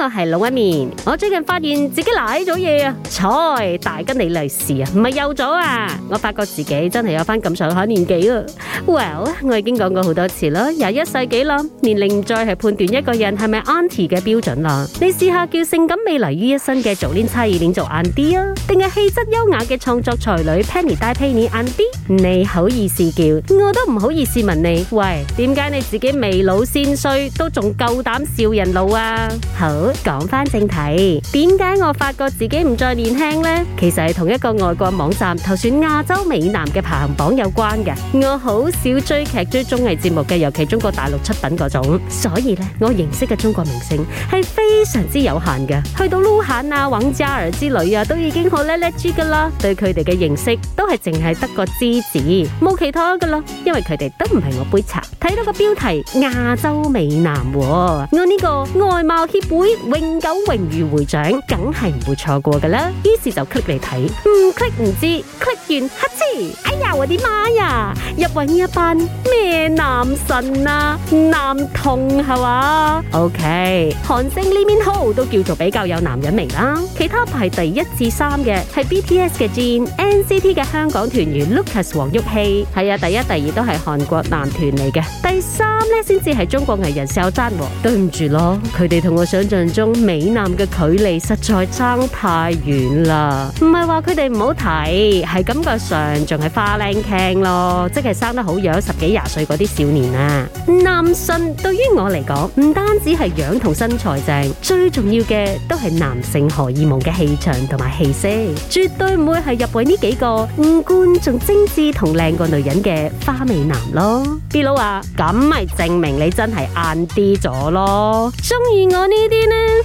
我係龍紋敏，我最近發現自己老咗嘢啊，菜大吉利是啊，唔係幼咗啊，我發覺自己真係有翻咁上下年紀啊。Well，我已經講過好多次啦，廿一世紀啦，年齡再係判斷一個人係咪 aunty 嘅標準啦。你試下叫性感魅力於一身嘅早年差異點做 aunty 啊，定係氣質優雅嘅創作才女 Penny 戴 Penny aunty？你好意思叫？我都唔好意思問你，喂，點解你自己未老先衰，都仲夠膽笑人老啊？好，講翻正題，點解我發覺自己唔再年輕呢？其實係同一個外國網站投選亞洲美男嘅排行榜有關嘅。我好少追劇、追綜藝節目嘅，尤其中國大陸出品嗰種。所以呢，我認識嘅中國明星係非常之有限嘅。去到鹿晗啊、王嘉爾之類啊，都已經好叻叻豬噶啦。對佢哋嘅認識都係淨係得個知字，冇其他噶啦。因為佢哋都唔係我杯茶。睇到個標題《亞洲美男》，我呢個外貌協。會永久榮譽會長，梗係唔會錯過噶啦。於是就 click 嚟睇，唔 click 唔知，click 完吓知。哎呀，我啲媽呀？入圍呢一班咩男神啊，男童係嘛？OK，韓星呢邊好都叫做比較有男人味啦。其他排第一至三嘅係 BTS 嘅 Jin、NCT 嘅香港團員 Lucas 黃旭熙。係啊，第一、第二都係韓國男團嚟嘅。第三咧先至係中國藝人肖戰。對唔住咯，佢哋同我想，印象中美男嘅距離實在爭太遠啦，唔係話佢哋唔好睇，係感覺上仲係花靚傾咯，即係生得好樣，十幾廿歲啲少年啊。男神對於我嚟講，唔單止係樣同身材正，最重要嘅都係男性荷爾蒙嘅氣場同埋氣息，絕對唔會係入圍呢幾個五官仲精緻同靚過女人嘅花美男咯。B 佬啊，咁咪證明你真係晏啲咗咯，中意我呢啲，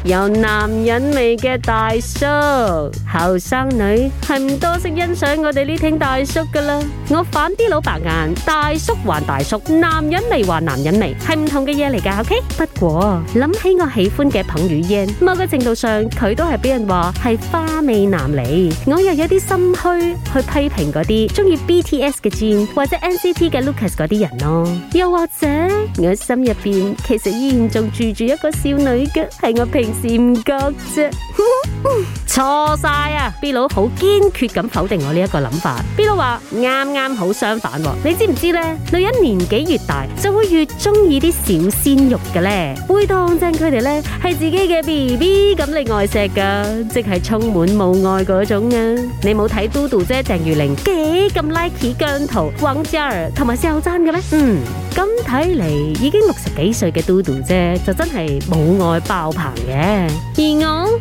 有男人味嘅大叔，後生女係唔多識欣賞我哋呢挺大叔噶啦。我反啲老白眼，大叔還大叔，男人味還男人味，係唔同嘅嘢嚟噶。OK，不過諗起我喜歡嘅彭于晏，某個程度上佢都係俾人話係花美男嚟，我又有啲心虛去批評嗰啲中意 BTS 嘅 Jin 或者 NCT 嘅 Lucas 嗰啲人咯。又或者我心入邊其實依然仲住住一個少女嘅。係我平時唔覺啫、 啊，錯晒啊！B 佬好堅決咁否定我呢一個諗法。B 佬話啱啱好相反，哦，你知唔知咧？女人年紀越大，就會越中意啲小鮮肉嘅咧，會當正佢哋咧係自己嘅 B B 咁嚟愛錫噶，即係充滿母愛嗰種啊！你冇睇嘟嘟姐鄭裕玲幾咁 like 姜濤、王嘉爾同埋肖戰嘅咩？嗯。咁睇嚟，已經六十幾歲嘅嘟嘟姐，就真係母愛爆棚嘅。而我，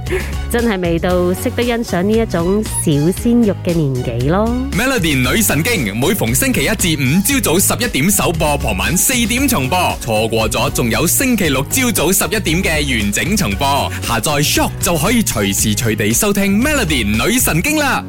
真係未到識得欣賞呢一種小鮮肉嘅年紀咯。Melody 女神經，每逢星期一至五朝早十一點首播，傍晚四點重播，錯過咗仲有星期六朝早十一點嘅完整重播。下載 Shock 就可以隨時隨地收聽 Melody 女神經啦。